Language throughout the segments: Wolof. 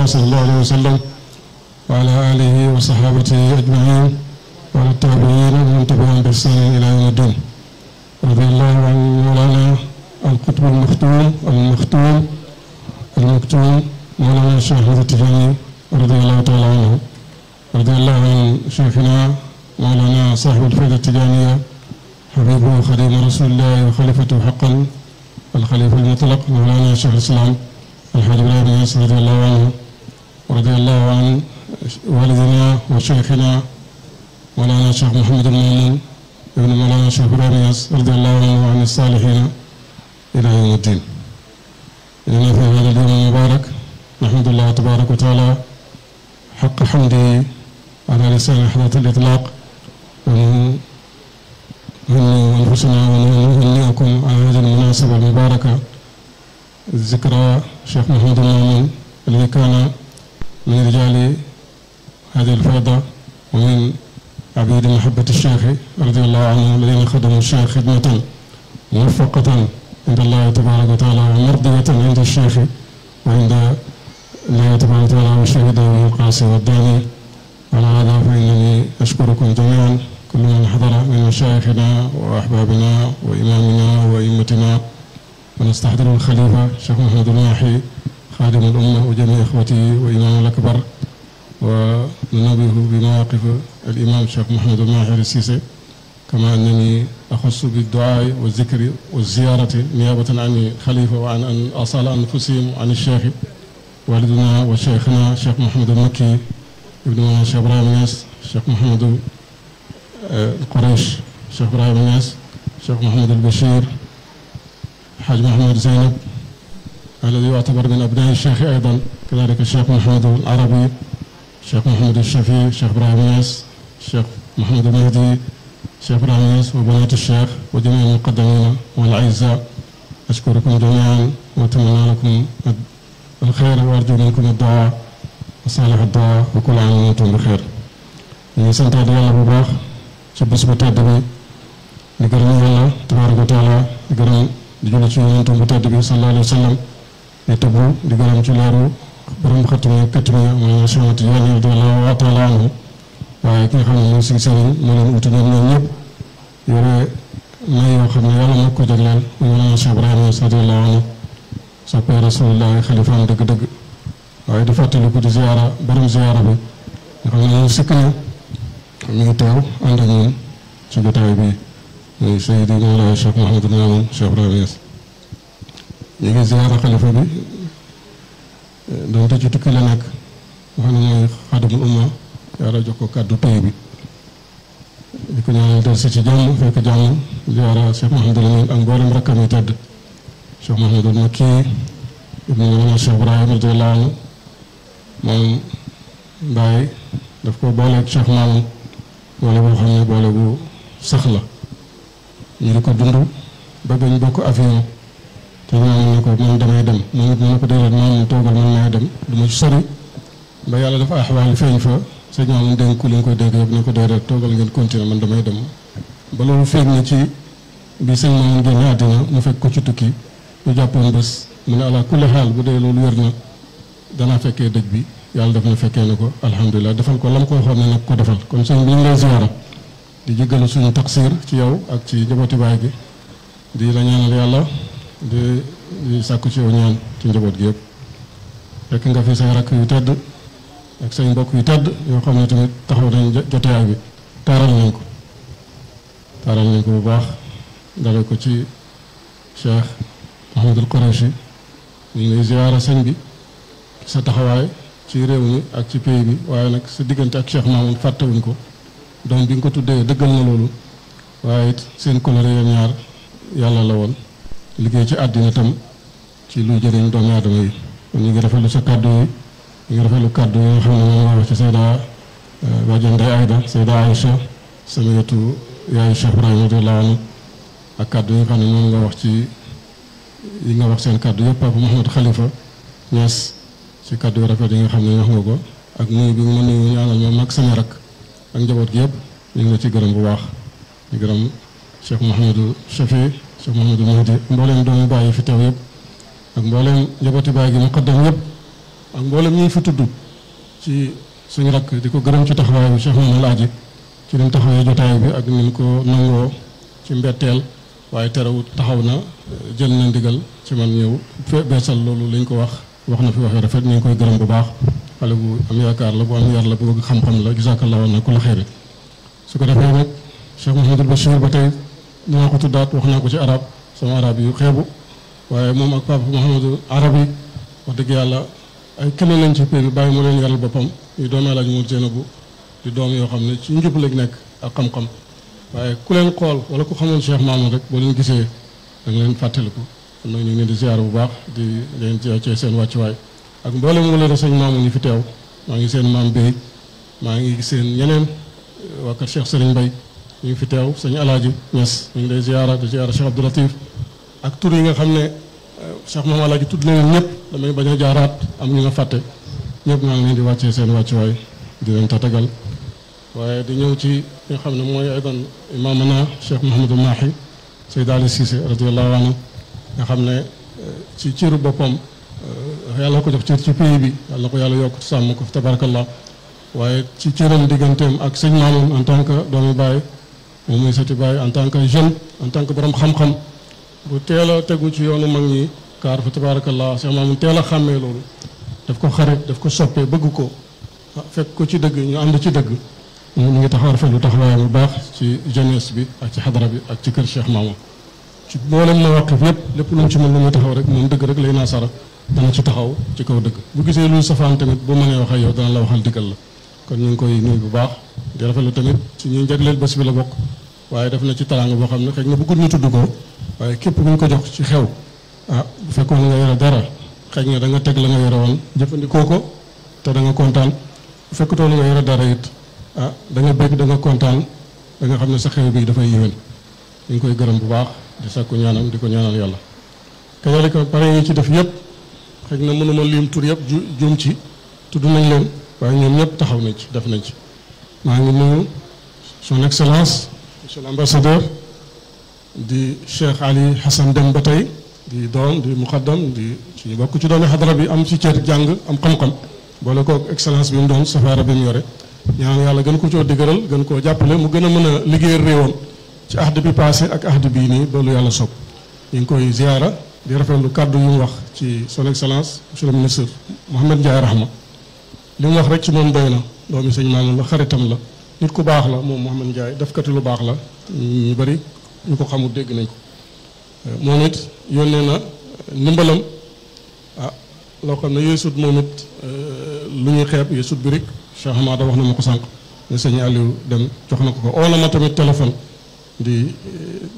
Mustafa sallallahu alayhi wa sallam wa ala alihi wa sahabatihi ajmain wa ala tabiin wa man tabi'ahum bi ihsanin ila yawmi din radiyallahu an mawlana al-qutb al-maktum al-maktum al-maktum mawlana Cheikh Ahmad Tijani radiyallahu ta'ala anhu radiyallahu an cheikhina mawlana sahib al-fayda tijaniya حبيبه خديم رسول الله وخليفته حقا الخليفة المطلق مولانا شيخ الإسلام الحاج إبراهيم ياسر رضي الله عنه ورضي الله عن والدنا وشيخنا مولانا الشيخ محمد المؤمن ابن مولانا الشيخ راميس رضي الله عنه وعن الصالحين إلى يوم الدين إننا في هذا اليوم المبارك نحمد الله تبارك وتعالى حق حمده على لسان لحظة الإطلاق ومن أنفسنا ونهنئكم على هذه المناسبة المباركة ذكرى الشيخ محمد المؤمن الذي كان من رجال هذه الفوضى ومن عبيد محبة الشيخ رضي الله عنهم الذين خدموا الشيخ خدمة موفقة عند الله تبارك وتعالى ومرضية عند الشيخ وعند الله تبارك وتعالى وشهده القاسي والداني على هذا فإنني أشكركم جميعا كل من حضر من مشايخنا وأحبابنا وإمامنا وأئمتنا ونستحضر الخليفة شيخ محمد الماحي خادم الأمة وجميع إخوته وإمام الأكبر وننبه بمواقف الإمام الشيخ محمد الماهر السيسي كما أنني أخص بالدعاء والذكر والزيارة نيابة عن الخليفة وعن أن أصال أنفسهم عن الشيخ والدنا وشيخنا الشيخ محمد المكي ابن الشيخ إبراهيم الناس الشيخ محمد القريش الشيخ إبراهيم الناس الشيخ محمد البشير الحاج محمد زينب الذي يعتبر من أبناء الشيخ أيضا كذلك الشيخ محمد العربي الشيخ محمد الشفيع الشيخ إبراهيم ياس الشيخ محمد المهدي الشيخ إبراهيم ياس وبنات الشيخ وجميع المقدمين والأعزاء أشكركم جميعا وأتمنى لكم الخير وأرجو منكم الدعاء وصالح الدعاء وكل عام وأنتم بخير ñu santaat yàlla bu baax ci bés bu tedd bi di gërëm yàlla tabaaraka wa taala di gërëm di julli ci yonentam bu tedd bi sallallahu alayhi wa sallam tëbu di gërëm ci leeru borom xatuma këtuma maanaam Cheikh Tidiane radiyallahu taala anhu waaye ki nga xam ne moom suñu sëriñ moo leen utu ñoom ñoom ñëpp yore may yoo xam ne yàlla moo ko jagleel maanaam Cheikh Ibrahima radiyallahu anhu soppee rasulullah xalifaam dëgg-dëgg waaye di fàttaliku di ziara borom ziara bi nga xam ne moom sikk na mi ngi teew ànd ak ñun ci jotaay bi muy Seydina Cheikh Mouhamadou Mamoun Cheikh Ibrahima ñu ngi ziara xalifa bi eh, donte ci tukki la nekk nga xam ne ñooy xaadimul umma yàlla jox ko kàddu tey bi di ko ñaanal delsi ci jàmm fekk jàmm ziara Cheikh Mahamadul Amin ak mboolem rakkam yi tedd Cheikh Mahamadul Makki ibnu Mawlana Cheikh Ibrahima radiyallahu daf ko booleeg Cheikh Mamoun boole boo xam ne boole bu sax la ñu ko dund ba bañ bokk avion te ñaan ne ko man damay dem mu ne ko déedéet moom toogal man naa dem du ma ci sori ba yàlla dafa axwaal feeñ fa sëñ moom dénk ku li ko dégg yëpp ne ko déedéet toogal ngeen continuer man damay dem ba loolu na ci bi sëñ moom génn àddina mu fekk ko ci tukki lu jàppoon bés mu ne ala kulli xaal bu dee loolu wér na danaa fekkee dëj bi yàlla daf na fekkee ne ko alhamdulilah defal ko lam ko waxoon ne nag ko defal kon sëñ bi ñu lay ziara di jéggalu suñu taqsir ci yow ci njabooti baay gi di la ñaanal di di sàkku ci yow ñaan ci njaboot gi yëpp fekk nga fi say rakk yu tedd ak say mbokk yu tedd yoo xam ne tamit taxaw nañ bi taaral nañ ko taaral nañ ko bu baax dale ko ci Cheikh Mahamadul Qurayshi mu ngi lay ziyaara sëñ bi sa taxawaay ci réew mi ak ci pays bi waaye nag sa diggante ak Cheikh Mahamadou fàttewuñ ko doom bi nga ko tuddee dëggal na loolu waaye seen kóllëre yéen ñaar yàlla la woon liggéey ci àddina tam ci lu jëriñ doomu aadama yi kon ñu ngi rafetlu sa kàddu yi ñu ngi rafetlu kàddu yi nga xam ne moom nga wax ci euh, sama yetu yaayu Cheikh Ibrahima radiyallahu anhu ak kàddu yi nga wax ci yi nga wax seen kàddu yëpp Papa Mouhamed Khalifa Niass ci kàddu yu rafet yi nga xam ne wax nga ko ak nuyu bi mu ma nuyu ma mag sama rak ak njaboot gi yëpp ñu ngi ci gërëm bu baax di gërëm Cheikh Mouhamadou Chafi Cheikh Mouhamadou Mahdi mbooleem doomu baay yi fi teew yëpp ak mbooleem njabooti baay gi muqaddam yëpp ak mbooleem ñi fi tudd ci suñu rakk di ko gërëm ci taxawaayu Cheikh Mouhamadou Laaji ci ni mu taxawee jotaay bi ak ni mu ko nangoo ci mbetteel waaye terewut taxaw na jën na ndigal ci man ñëw fe beesal loolu lañ ko wax wax na fi waxee rafet ñu koy gërëm bu baax xale bu am yaakaar la bu am yar la bu bëgg xam-xam la jazakallahu anna kulla xeyri su ko defee nag Cheikh Mouhamadou ba dinaa ko tuddaat wax naa ko ci arab sama arab yu xeebu waaye moom ak papa Mouhamadou arab yi wax dëgg yàlla ay keneen lañ ci pér bàyyi mu leen yaral boppam yu doom alaaj Mour Seynabu di doom yoo xam ne ci njub lañ nekk ak xam-xam waaye ku leen xool wala ku xamoon Cheikh Mamoun rek boo leen gisee da nga leen fàttaliku kon ñu ngi leen di ziar bu baax di leen ci seen wàcc waay ak mboolem mu leen sëñ Mamoun yi fi teew maa ngi seen maam Béy maa ngi seen yeneen waa kër Cheikh Serigne Mbaye ñu fi teew sëñ Alaaji Ñas ñu ngi ziyaara di ziyaara Cheikh Abdou ak tur yi nga xam ne euh, Cheikh moom Alaaji tudd na leen ñëpp damay bañ jaaraat am ñu nga fàtte ñëpp maa ngi leen di wàccee seen wàccuwaay di leen tatagal waaye di ñëw ci nga xam ne mooy aydan imaamana Cheikh Mouhamadou Mahi Seyd Ali Cissé radiyallahu anhu nga xam ne euh, ci cëru boppam euh, yàlla ko jox cër ci pays bi yàlla ko yàlla yokk sàmm ko tabarakallah waaye ci cëram digganteem ak sëñ maamam moom mooy sëti Baay en tant que jeune en tant que borom xam-xam bu teel a tegu ci yoonu mag ñi kaar fa tabaarakallaa Cheikh Mamoun teel a xàmmee loolu daf ko xarit daf ko soppee bëgg ko ah, fekk ko ci dëgg ñu ànd ci dëgg mu ngi taxaw rafetlu taxawaayam bu baax ci jeunesse bi ak ci xadara bi ak ci kër Cheikh Mamoun ci mboolem mawaqif yépp lépp lu mu ci mën lu muy taxaw rek moom dëgg rek lay naa sara dana ci taxaw ci kaw dëgg bu gisee lu safaan tamit bu mënee wax ak yow dana la waxal digal la di rafetlu tamit ci ñuy jagleel bés bi la bokk waaye def na ci taraanga boo xam ne xëy na bëggul ñu tudd ko waaye képp bu ñu ko jox ci xew ah bu fekkoon nga yore dara xëy na danga teg la nga yore woon jëfandikoo ko te da nga kontaan bu fekkutoon nga yore dara it ah da nga bëgg da kontaan da nga xam ne sa xew bii dafay yéwén ñu koy gërëm bu baax di sakku ñaanam di ko ñaanal yàlla. kazalika pare yi ci def yëpp xëy na mënuma lim tur yëpp ju juum ci tudd nañ leen waaye ñoom ñëpp taxaw nañ ci def nañ ci. maa ngi nuyu son excellence monsieur l'ambassadeur di Cheikh Ali Hassan Dème ba tey di doom di muqaddam di ci bokk ci doomi xadara bi am ci cër jàng am xam-xam boole ko excellence bi mu doon safaara bi mu yore ñaan yàlla gën ko coo dëgëral gën koo jàppale mu gën a mën a liggéeyal réewam ci ahd bi passé ak ahd bii nii ba yàlla sopp yi ngi koy ziyaara di lu kàddu yu mu wax ci son excellence monsieur le ministre Mohamed Ndiaye Rahma li mu wax rek ci moom doy na doomi sëñ Maamun la xaritam la nit ku baax la moom Mouhamed Ndiaye defkati lu baax la ñu bari ñu ko xamul dégg nañ ko euh, moom it yónnee na euh, ndimbalam ah, loo xam ne yooyu yeesut moom it euh, lu ñuy xeeb yeesut bi rek Cheikh da wax na ma ko sànq ne sëñ Aliou dem jox na ko ko oo na ma tamit téléphone di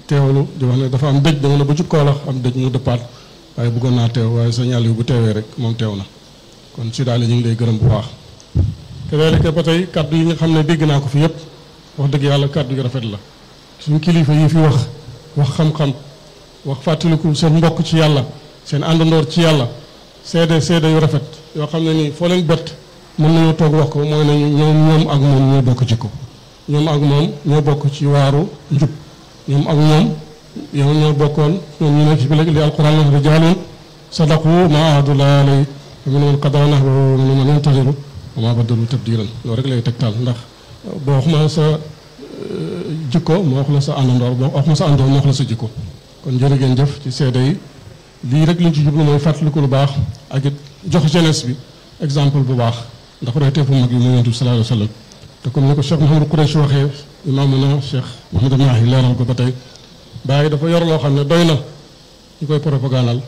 teewlu di wax ne dafa am dëj dama ne ba ci Kaolack am dëj mu dëppaat waaye bëggoon naa teew waaye sëñ Aliou bu teewee rek moom teew na kon si daal ñu ngi lay gërëm bu baax kadaalika ba tey kàddu yi nga xam ne dégg naa ko fi yëpp wax dëgg yàlla kàddu yu rafet la suñ kilifa yi fi wax wax xam-xam wax fàttaliku seen mbokk ci yàlla seen àndandoor ci yàlla seede seede yu rafet yoo xam ne nii foo leen bët mën nañoo toog wax ko mooy ne ñoom ñoom ak moom ñoo bokk ci ko ñoom ak moom ñoo bokk ci waaru ñoom ak ñoom yow ñoo bokkoon ñoom ñu li alquran wax rijaalun sadaqu ma ahadullaahi alayhi maa ba doon tabdilan rek lay tegtal ndax boo wax ma sa euh, jikko ma wax la sa àndandoor boo wax ma sa àndandoor ma la sa jikko kon jërë ngeen jëf ci seede yi lii rek liñ ci jublu mooy fàttaliku lu baax ak it jox jeunesse bi exemple bu baax ndax roy teefu mag yi mooy yonent bi sallallahu alayhi wa sallam te comme ni ma Cheikh Mouhamadou Quraysh waxee imaamuna Cheikh Mouhamadou Mahi leeral ko ba tey bàyyi dafa yor loo xam ne doy na ñu koy propagandal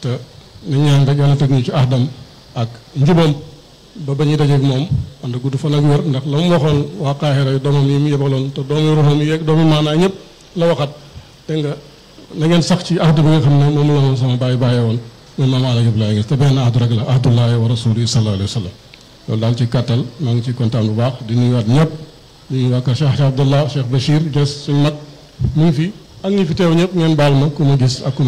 te ni ñaan rek yàlla teg ñu ci ahdam ak njubam ba ba ñuy dajeeg moom ànd gudd fan ak wér ndax la mu waxoon waa Qahira yi doomam yi mu yebaloon te doomi ruuxam yi doomi maanaa ñëpp la waxat dégg nga na ngeen sax ci ahdu bi nga xam ne moom la moom sama bàyyi bàyyee woon muy maam Alaaji Abdoulaye Niass te benn ahdu rek la ahdullaahi wa rasuuli sallallaahu alayhi wa sallam daal ci kàttal maa ngi ci kontaan bu baax di nuyuwaat ñëpp di nuyuwaat kër Cheikh Abdallah Cheikh Bachir Niass mag mu ngi fi ak ñi fi teew ñëpp ngeen baal ma ku ma gis ak ku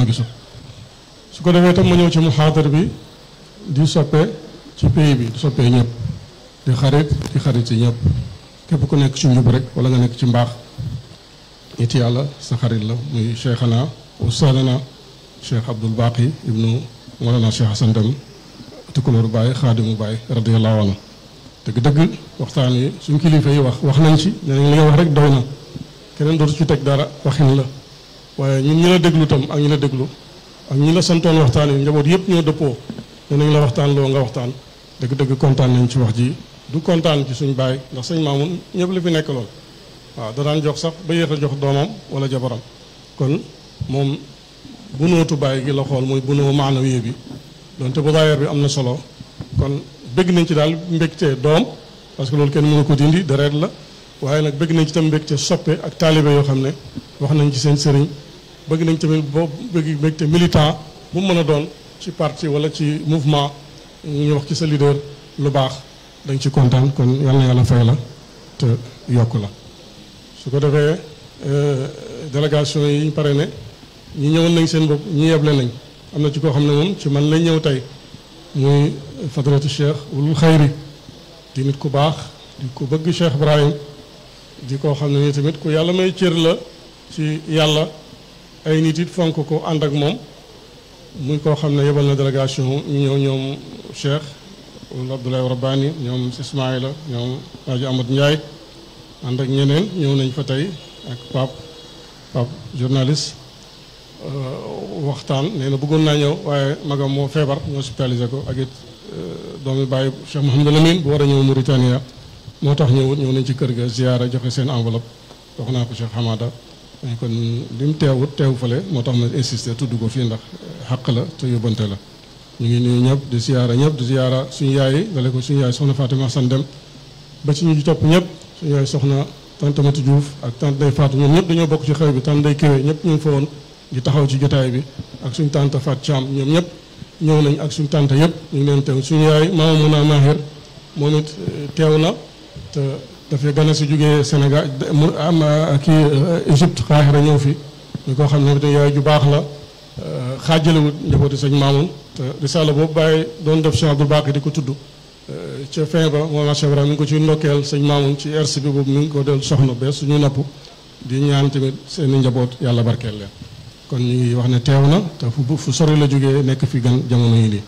ci pays bi du soppee ñëpp di xarit di xarit ci ñëpp képp ku nekk ci njub rek wala nga nekk ci mbaax it yàlla sa xarit la muy cheikhana ustaadana cheikh abdul baqi ibnu molana cheikh hasan dem tukulóoru baay xaadimu baay radiallahu anhu dëgg-dëgg waxtaan yi suñ kilifa yi wax wax nañ ci nee li nga wax rek doy na keneen dootu ci teg dara waxin la waaye ñun ñi la déglu tam ak ñu la déglu ak ñu la santoon waxtaan yi njaboot yëpp ñoo dëppoo nee la waxtaan nga waxtaan dëgg-dëgg kontaan nañ ci wax ji du kontaan ci suñu baay ndax suñ maamun ñëpp la fi nekk lool waaw da daan jox sax ba yéex a jox doomam wala jabaram kon moom bunóotu baay gi la xool mooy bunóo maanawiye bi donte bu daayeer bi am na solo kon bëgg nañ ci daal mbégte doom parce que loolu kenn mënu ko dindi deret la waaye nag bëgg nañ ci tam mbégte soppe ak taalibe yoo xam ne wax nañ ci seen sëriñ bëgg nañ tamit boo bëgg mbégte militant bu mën a doon ci parti wala ci mouvement ñu wax ci sa leader lu baax dañ ci kontaan kon yal na yàlla fay la te yokk la su ko defee euh, délégation yi ñu pare ne ñi ñëwoon nañ seen bopp ñi yeble nañ am na ci koo xam ne moom ci man lañ ñëw tey muy fadratu cheikh wulul xayri di nit ku baax di ko bëgg cheikh Ibrahim di koo xam ne nii tamit ku yàlla may cër la ci yàlla ay nit it fonk ko ànd ak moom mu koo xam ne yebal na délégation ñoom Cheikh ñoom Abdoulaye Rabbani ñoom Ismaïla ñoom Rajo Amadou Ndiaye ànd ak ñeneen ñëw nañ fa tey ak Pape Pape journaliste euh, waxtaan nee na bëggoon naa ñëw waaye magam moo feebar ñoo hospitalisé ko ak it euh, doomi bàyyi Cheikh Mouhamadou Lamine bu war a ñëw Mauritania moo tax ñëwut ñëw nañ ci kër ga ziyaara joxe seen enveloppe wax naa ko Cheikh Hamada dañ kon li mu teewut teew fale moo tax ma insister tudd ko fii ndax euh, xàq la te yóbbante la ñu ngi nuyu ñëpp di siyaara ñëpp di siyaara suñu yaay yi dale ko suñu yaay soxna Fatima San Dem soxna tante Mati Diouf ak tante Day Fatou ñoom ñëpp dañoo bokk ci xew bi tante Day Kéwé ñëpp ñu ngi fa woon di taxaw ci jotaay bi ak suñu tante Fat Thiam ñoom ñëpp ñëw nañ ak suñu tante yëpp ñu ngi leen teew suñu yaay maama Muna Mahir moom it eh, teew na te dafay gën si jógee Sénégal mu am ah, kii eh, Égypte Xaahira ñëw fi ñu ko xam ne yaay ju baax la Euh, xaajalewul njabootu sëñ Maamoun te risaala boobu bàyyi doon def Cheikh Abdou Bakr di ko tudd euh, ca fin ba moom Cheikh Ibrahima mi ngi ko ciy ndokkeel sëñ Maamoun ci ersi bi boobu mi ngi ko del soxna bees suñu nopp di ñaan tamit seen i njaboot yàlla barkeel leen kon ñu ngi wax ne teew na te fu fu sori la jógee nekk fi gan jamono yi nii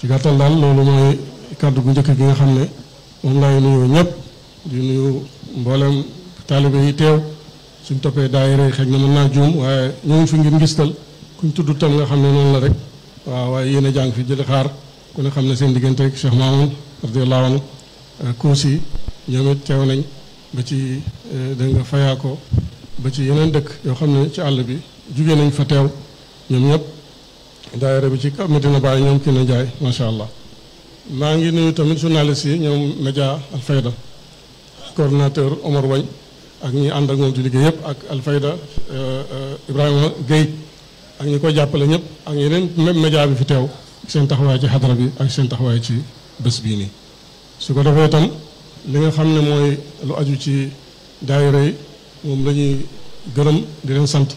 ci gàttal daal loolu mooy kàddu gu njëkk gi nga xam ne moom laay nuyoo ñëpp di nuyu mboolem taalibe yi teew suñ toppee daayira yi xëy na mën naa juum waaye ñu ngi fi kuñ tudd tam nga xam ne noonu la rek waaw waaye yéen a jàng fi jëli xaar ku ne xam ne seen diggante ak Cheikh Mamoun radiyallahu anhu euh, Kousi ñoom it teew nañ ba ci euh, da nga fayaa ko ba ci yeneen dëkk yoo xam ne ci àll bi jugee nañ fa teew ñoom ñëpp daayira bi ci Medina Baye ñoom kii na jaay macha allah maa ngi nuyu tamit journaliste yi ñoom Média Alfayda coordonnateur Omar Wañ ak ñi ànd ak moom ci liggéey yëpp ak Alfayda euh, Ibrahima Guèye ak ñi koy jàppale ñëpp ak yeneen même média bi fi teew seen taxawaay ci xadara bi ak seen taxawaay ci bés bii nii. su ko defee tam li nga xam ne mooy lu aju ci daayira yi moom lañuy ñuy gërëm di leen sant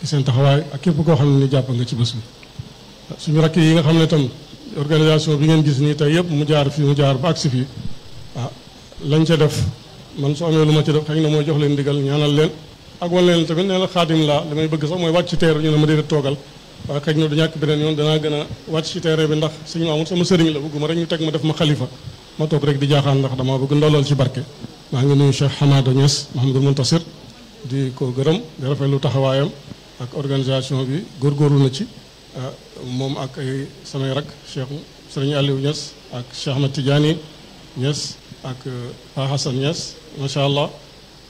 ci seen taxawaay ak képp koo xam ne ni jàpp nga ci bés bi. suñu rakk yi nga xam ne tam organisation bi ngeen gis nii tey yëpp mu jaar fii mu jaar ba agsi fii ah lañ ca def man su amee lu ma ci def xëy na mooy jox leen ndigal ñaanal leen. ak wala tamit nee la xaadim laa damay bëgg sax mooy wàcc ci teer ñu ne ma déedéet toogal waaye xëy na du ñàkk beneen yoon danaa gën a wàcc ci teere bi ndax suñu maamoon sama sëriñ la bëgguma rek ñu teg ma def ma xalifa ma toog rek di jaaxaan ndax damaa bëgg ndolool ci barke maa ngi nuyu Cheikh Hamada Niass Mahamadou Montasir di ko gërëm di rafetlu taxawaayam ak organisation bi góorgóorlu na ci ah, moom ak ay samay rak Cheikh Sëriñ Aliou Niass ak Cheikh Ahmed Tidiane Niass ak ah, Pa Hassan Niass macha allah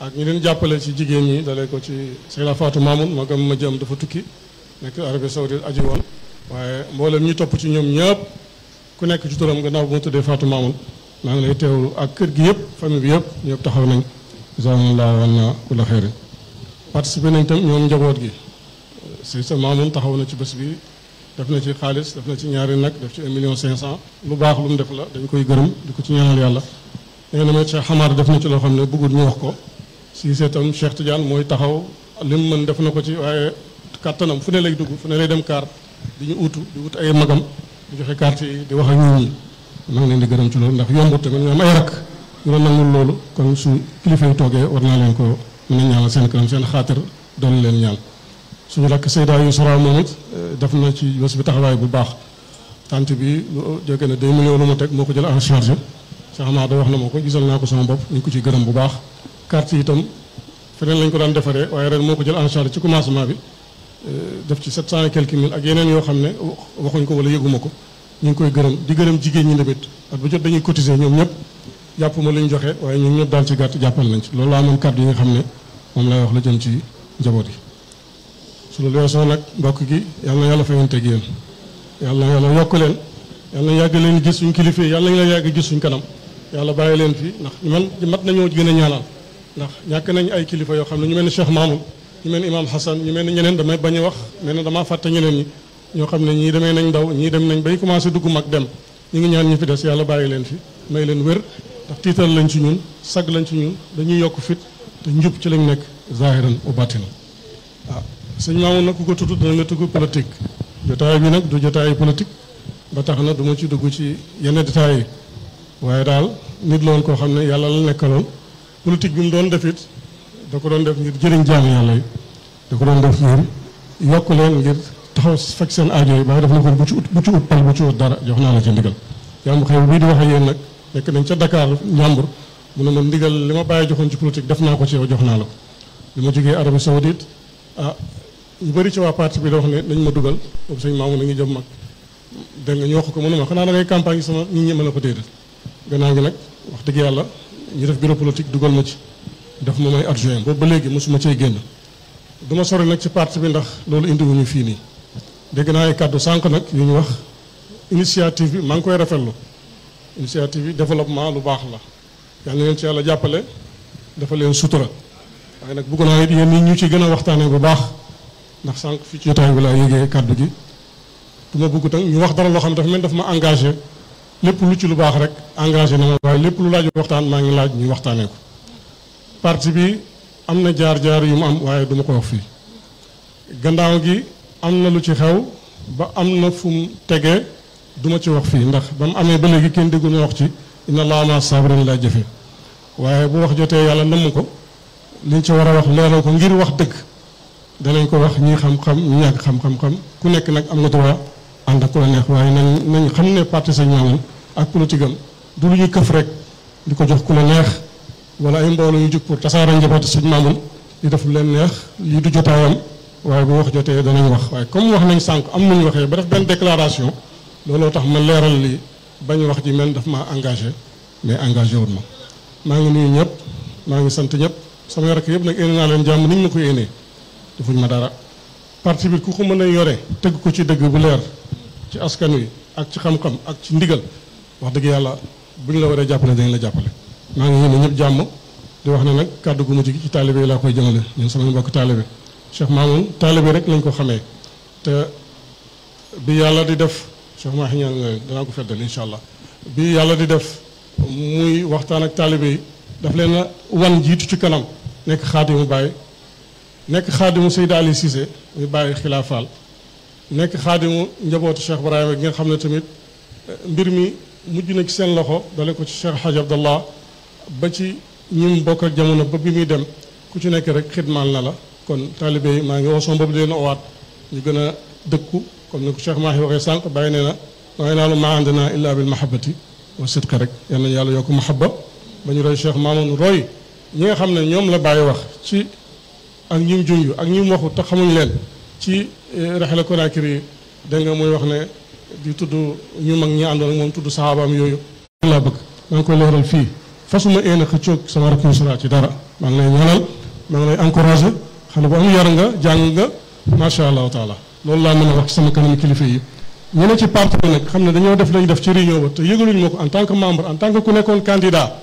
ak ñu leen jàppale ci jigéen ñi dalee ko ci Seyda Fatou Mamoun ma gëm ma jëm dafa tukki nekk Arabie Saoudite aji woon waaye mboolem ñi topp ci ñoom ñëpp ku nekk ci turam gannaaw bu ma tëddee Fatou Mamoun maa ngi lay teewlu ak kër gi yëpp famille bi yëpp ñëpp taxaw nañ jazakumullah wa anna kulla xeyrin participé nañ tam ñoom njaboot gi si Seyda Mamoun taxaw na ci bés bi def na ci xaalis def na ci ñaari nag def ci un million cinq cent lu baax lu mu def la dañ koy gërëm di ko ci ñaanal yàlla nee na ma Cheikh Hamar def ci loo xam ne bëggul ñu wax ko si seetam Cheikh Tidiane mooy taxaw lim mën def na ko ci waaye kàttanam fu ne lay dugg fu ne lay dem kaar di ñu utu di ut ay magam di joxe carte yi di wax ak ñun ñi ngi leen di gërëm ci loolu ndax yombut tamit ñu am ay rak ñu la nangul loolu kon su kilifa yi toogee war naa leen ko mën a ñaanal seen kanam seen leen ñaan suñu rakk Seyda Yousra moom it eh, def na ci bés bi taxawaay bu baax tant bi lu jóge na 2 millions lu jël en charge Cheikh Ahmad wax na ma ko gisal naa ko sama bopp ñu ko ci gërëm bu baax carte yi itam feneen lañ ko daan defaree waaye ren moo ko jël en charge ci commencement bi euh, def ci sept cent et quelques mille ak yeneen yoo xam ne waxuñ ko wala yëguma ko ñu ngi koy gërëm di gërëm jigéen ñi tamit at bu jot dañuy cotiser ñoom ñëpp jàpp ma li ñu joxe waaye ñoom ñëpp daal ci gàtt jàppal nañ ci loolu laa amoon kàddu yi nga xam ne moom laay wax la jëm ci njaboot yi su loolu weesoo nag mbokk gi yàlla na yàlla fayante gi yéen yàlla na yàlla yokk leen yàlla na yàgg leen gis suñ kilifa yàlla na yàgg gis suñ kanam yàlla bàyyi leen fii ndax man mat nañoo gën a ñaanal ndax ñàkk nañ ay kilifa yoo xam ne ñu mel ni Cheikh Mamoun ñu mel ni Imam Hassan ñu mel ni ñeneen damay bañ a wax mel na damaa fàtte ñeneen ñi ñoo xam ne ñii deme nañ ndaw ñii dem nañ bay commencé dugg mag dem ñu ngi ñaan ñu fi des yàlla bàyyi leen fi may leen wér ndax tiital lañ ci ñun sag lañ ci ñun dañuy yokk fit te njub ci lañ nekk zahiran wa batina waaw sëñ Mamoun nag ku ko tudd dana nga tugg politique jotaay bi nag du jotaayu politique ba tax na du ma dugg ci yenn détails yi waaye daal nit loon koo xam ne yàlla la nekkaloon politique bi mu doon def da ko doon def ngir jëriñ jaamu yàlla yi da ko doon def ngir yokk leen ngir taxaw faj seen aajo yi waaye def na ko bu ci ut bu ci bu ci ut dara jox naa la ci ndigal yaa xew bii di wax ak yéen nag nekk nañ ca Dakar ñàmbur mu ne ma ndigal li ma bàyyi joxoon ci politique def naa ko ci yow jox naa la ko li ma jógee Arabie Saoudite ah ñu bëri ci waa parti bi da wax ne dañ ma dugal boobu sëñ maamu na ngi jëm mag dégg nga ñu wax ko mënuma xanaa da ngay campagne sama nit ñi mën a ko déedéet gannaaw gi nag wax dëgg yàlla ñu def bureau politique dugal ma ci def ma may adjoint boobu ba léegi mosuma cee génn du ma sori nag ci parti bi ndax loolu indiwuñu fii nii dégg naa ay kàddu sànq nag yu ñu wax initiative bi maa ngi koy rafetlu initiative bi développement lu baax la yàlla na leen ci yàlla jàppale dafa leen sutura waaye nag bëgg naa it yéen ñi ñu ci gën a waxtaanee bu baax ndax sànq fii ci jotaay bi laa kàddu gi du ma bëgg tam ñu wax dara loo xam ne dafa mel dafa ma engagé lépp lu ci lu baax rek engagé na ma waaye lépp lu laaj waxtaan maa ngi laaj ñu waxtaanee ko parti bi am na jaar-jaar yu mu am waaye duma ko wax fii gannaaw gi am na lu ci xew ba am na fu mu tegee duma ci wax fii ndax ba mu amee ba léegi kenn déggu na wax ci inna laa ma saabrin laa jëfe waaye bu wax jotee yàlla namm ko liñ ci war a wax leeral ko ngir wax dëkk danañ ko wax ñi xam-xam ñi ñàkk xam xam ku nekk nag am na droit ànd ak ku la neex waaye nañ nañ xam ne parti Sëñ ak politique am du lu ñuy këf rek di ko jox ku la neex wala ay mbooloo ñu jug pour tasaara njabooti Sëñ Maamun di def lu leen neex lii du jotaayam waaye bu wax jotee danañ wax waaye comme wax nañu sànq am nañu waxee ba def benn déclaration looloo tax ma leeral li bañ wax ji mel daf ma engagé mais engagé wul ma maa ngi nuyu ñëpp maa ngi sant ñëpp sama rakk yëpp nag yéene naa leen jàmm ni ñu yéenee defuñ ma dara parti bi ku ko mën a yore ko ci dëgg bu leer ci askan wi ak ci xam-xam ak ci ndigal wax dëgg yàlla bu ñu la waree jàppale dañ la jàppale maa ngi yéene ñëpp jàmm di wax ne nag kàddu gu mujj gi ci taalibe yi laa koy jëmale ñun sama mbokk taalibe Cheikh Mamoun taalibe rek lañ ko xamee te bi yàlla di def Cheikh Mahi ñaan danaa ko feddal incha allah bi yàlla di def muy waxtaan ak taalibe yi daf leen a wan njiitu ci kanam nekk xaadimu Baay nekk xaadimu Seydi Ali Cissé muy Baay Xilaafaal nekk xaadimu njabootu Cheikh Ibrahima gi nga xam ne tamit eh, mbir mi mujj na ci seen loxo dale ko ci Cheikh Hadj Abdallah ba ci ñim bokk ak jamono ba bi muy dem ku ci nekk rek xidmaal na la kon taalibe yi maa ngi woo sama bopp di leen owaat ñu gën a dëkku comme ni ko Cheikh Mahi waxee sànq bàyyi nee na waaye naa lu naa ànd naa illaa bil mahabati wa sidqa rek yal na yàlla yokk mahabba ba ñu roy Cheikh Mamoun roy ñi nga xam ne ñoom la bàyyi wax ci ak ñim ak ñim waxu te ci raxala ko raakiri da nga muy wax ne di tudd ñu mag ñi àndoon ak moom tudd saxaabaam yooyu laa bëgg maa ngi koy leeral fii fasuma een a sama rakk sura ci dara maa ngi lay ñaanal lay encouragé xale bu am yar nga jàng nga macha allahu taala loolu laa mën a wax ci sama kanam kilifa yi ñu ne ci xam ne dañoo def lañu def ci réunion ba te yëgaluñu ma ko en tant que membre en tant que ku nekkoon candidat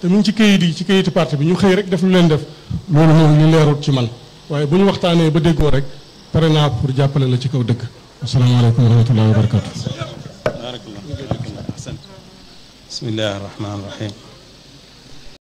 te mu ngi ci kayit yi ci kayitu parti bi ñu xëy rek def lu leen def loolu moom li leerul ci man waaye bu ñu waxtaanee ba déggoo rek pare naa pour jàppale la ci kaw dëkk. asalaamaaleykum wa rahmatullahi wa barakatu. bismillahi rahmaani